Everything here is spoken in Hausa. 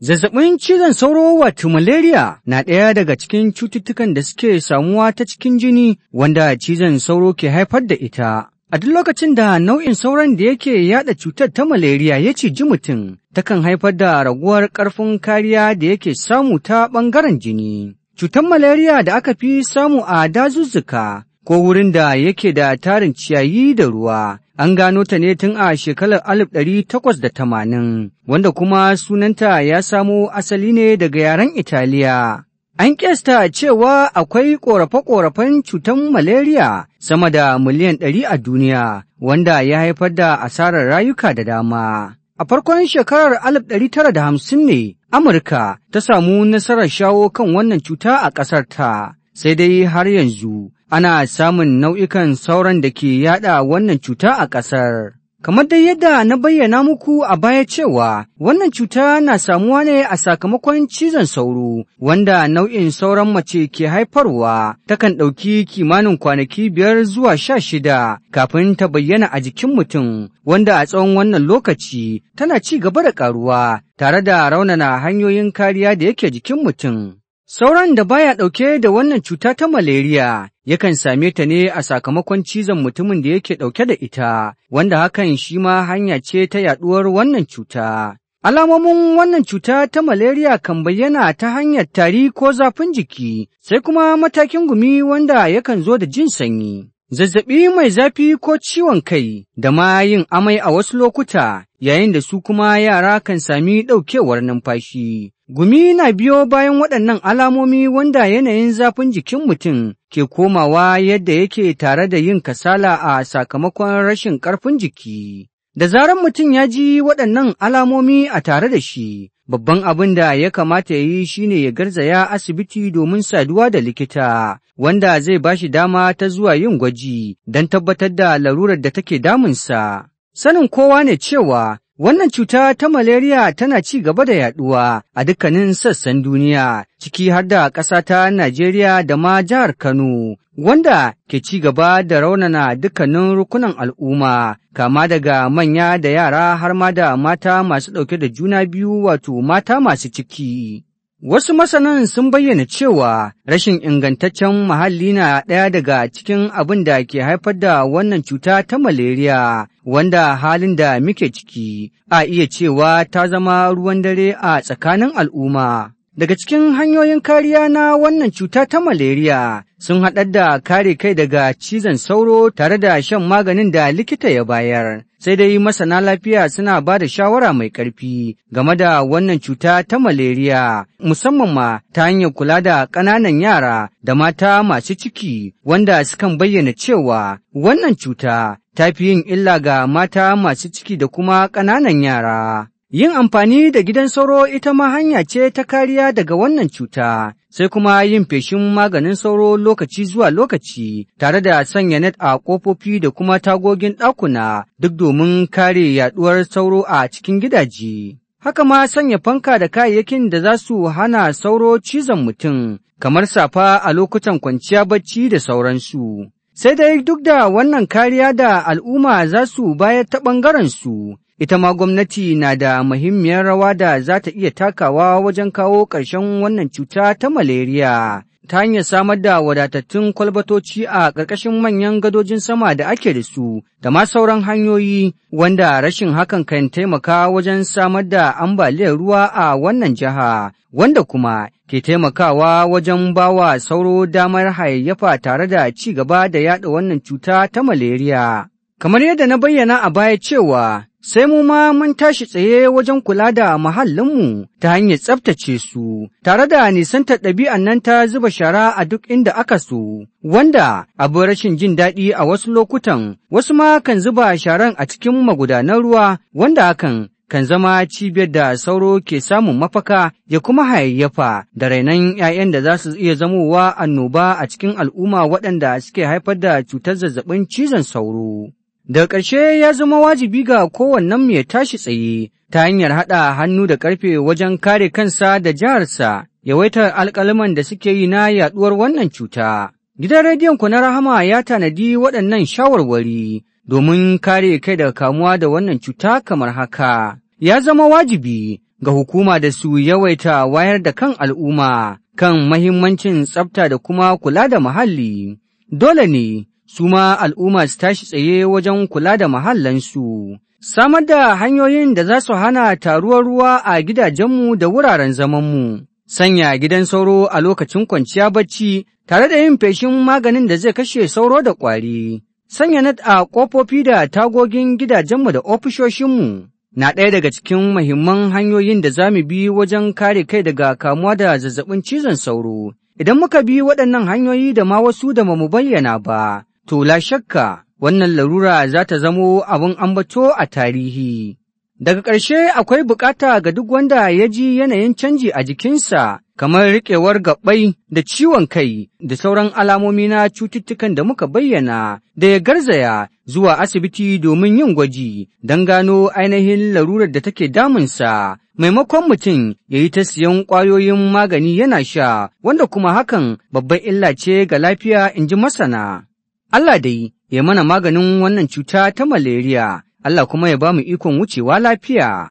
Zazzaɓin cizon sauro wato malaria na ɗaya daga cikin cututtukan da suke samuwa ta cikin jini wanda cizon sauro ke haifar da ita. A duk lokacin da nau'in sauran da yake yada cutar ta malaria ya ciji mutum, takan haifar da raguwar ƙarfin kariya da yake samu ta ɓangaren jini. Cutar malaria da aka fi samu a dazuzzuka ko wurin da yake da tarin ciyayi da ruwa An gano ta ne tun a shekarar alif ɗari takwas da tamanin, wanda kuma sunanta ya samo asali ne daga yaren Italiya. An kesta cewa akwai ƙorafe-ƙorafen cutar malaria sama da miliyan ɗari a duniya, wanda ya haifar da asarar rayuka da dama. A farkon shekarar alif ɗari tara da hamsin ne, Amurka ta samu nasarar shawo kan wannan cuta a ƙasarta, sai dai har yanzu ana samun nau'ikan sauran da ke yada wannan cuta a ƙasar. Kamar dai yadda na bayyana muku a baya cewa wannan cuta na samuwa ne a sakamakon cizon sauro wanda nau'in sauran mace ke haifarwa takan ɗauki kimanin kwanaki biyar zuwa sha shida kafin ta bayyana a jikin mutum wanda a tsawon wannan lokaci tana ci gaba da ƙaruwa tare da raunana hanyoyin kariya da yake jikin mutum. Sauran da baya ɗauke da wannan cuta ta maleriya yakan same ta ne a sakamakon cizon mutumin da yake ɗauke da ita, wanda hakan shi ma hanya ce ta yaɗuwar wannan cuta. Alamomin wannan cuta ta maleriya kan bayyana ta hanyar tari ko zafin jiki, sai kuma matakin gumi wanda yakan zo da jin sanyi. zazzaɓi mai zafi ko ciwon kai da ma yin amai a wasu lokuta yayin da su kuma yara kan sami ɗaukewar numfashi. Gumi na biyo bayan waɗannan alamomi wanda yanayin zafin jikin mutum ke komawa yadda yake tare da yin kasala a sakamakon rashin ƙarfin jiki. Da zarar mutum ya ji waɗannan alamomi a tare da shi, Babban abin da ya kamata ya yi ne ya garzaya asibiti domin saduwa da likita, wanda zai ba shi dama ta zuwa yin gwaji don tabbatar da larurar da take damunsa. Sanin kowa ne cewa Wannan cuta ta malaria tana ci gaba da yaduwa a dukkanin sassan duniya, ciki har da ƙasa ta Najeriya da ma jihar Kano, wanda ke ci gaba da raunana dukkanin rukunan al'umma, kama daga manya da yara har ma da mata masu ɗauke da juna biyu wato mata masu ciki. Wasu masanan sun bayyana cewa rashin ingantaccen muhalli na ɗaya daga cikin abin da ke haifar da wannan cuta ta malaria, wanda halin da muke ciki, a iya cewa ta zama ruwan dare a tsakanin al'umma. Daga cikin hanyoyin kariya na wannan cuta ta malaria sun haɗar da kare kai daga cizon sauro tare da shan maganin da likita ya bayar. Sai dai masana lafiya suna ba da shawara mai ƙarfi game da wannan cuta ta malaria, musamman ma ta hanyar kula da ƙananan yara da mata masu ciki wanda sukan bayyana cewa wannan cuta ta fi yin illa ga mata masu ciki da kuma ƙananan yara. Yin amfani da gidan sauro ita ma hanya ce ta kariya daga wannan cuta, sai kuma yin feshin maganin sauro lokaci zuwa lokaci tare da sanya net a ƙofofi da kuma tagogin ɗakuna duk domin kare yaɗuwar sauro a cikin gidaje. Haka ma sanya fanka da kayayyakin da za su hana sauro cizon mutum, kamar safa a lokutan kwanciya bacci da sauransu. Sai dai duk da wannan kariya da al'umma za su bayar ta ɓangarensu, ita ma gwamnati na da muhimmiyar rawa da za ta iya takawa wajen kawo ƙarshen wannan cuta ta maleriya. ta hanyar samar da wadatattun kwalbatoci a ƙarƙashin manyan gadojin sama da ake da su da ma sauran hanyoyi wanda rashin hakan kan taimaka wajen samar da ambaliyar ruwa a wannan jiha wanda kuma ke taimakawa wajen bawa sauro damar hayayyafa tare da ci gaba da yaɗa wannan cuta ta malaria. Kamar yadda na bayyana a baya cewa sai mu ma mun tashi tsaye wajen kula da muhallinmu ta hanyar tsaftace su, tare da nisantar ɗabi'an nan ta zuba shara a duk inda aka so, wanda abu rashin jin daɗi a wasu lokutan, wasu ma kan zuba sharan a cikin magudanan ruwa, wanda hakan kan zama cibiyar da sauro ke samun mafaka ya kuma hayayyafa da rainon 'ya'yan da za su iya zamowa annoba a cikin al'umma waɗanda suke haifar da cutar zazzabin cizon sauro. Daga ƙarshe ya zama wajibi ga kowannen mai tashi tsaye ta hanyar haɗa hannu da ƙarfe wajen kare kansa da jiharsa yawaitar alƙaliman da suke yi na yaɗuwar wannan cuta. Gidan rediyon ku na Rahama ya tanadi waɗannan shawarwari domin kare kai daga kamuwa da wannan cuta kamar haka. Ya zama wajibi ga hukuma da su yawaita wayar da kan al'umma kan mahimmancin tsafta da kuma kula da muhalli. Dole ne Suma al'umma su tashi tsaye wajen kula da mahallansu. Samar da hanyoyin da za su hana taruwar ruwa a gidajenmu da wuraren zamanmu, sanya gidan sauro a lokacin kwanciya bacci tare da yin feshin maganin da zai kashe sauro da ƙwari, sanya nat a ƙofofi da tagogin gidajenmu da ofishoshinmu. Na ɗaya daga cikin mahimman hanyoyin da za mu bi wajen kare kai daga kamuwa da zazzabin cizon sauro, idan muka bi waɗannan hanyoyi da ma wasu da mu bayyana ba, to la shakka wannan larura za ta zamo abin ambato a tarihi. Daga ƙarshe akwai bukata ga duk wanda ya ji yanayin canji a jikinsa kamar riƙewar gaɓai da ciwon kai da sauran alamomi na cututtukan da muka bayyana da ya garzaya zuwa asibiti domin yin gwaji don gano ainihin larurar da take damunsa maimakon mutum ya yi ta siyan ƙwayoyin magani yana sha wanda kuma hakan babban illa ce ga lafiya in ji masana. Allah dai ya mana maganin wannan cuta ta maleriya, Allah kuma ya ba mu ikon wucewa lafiya.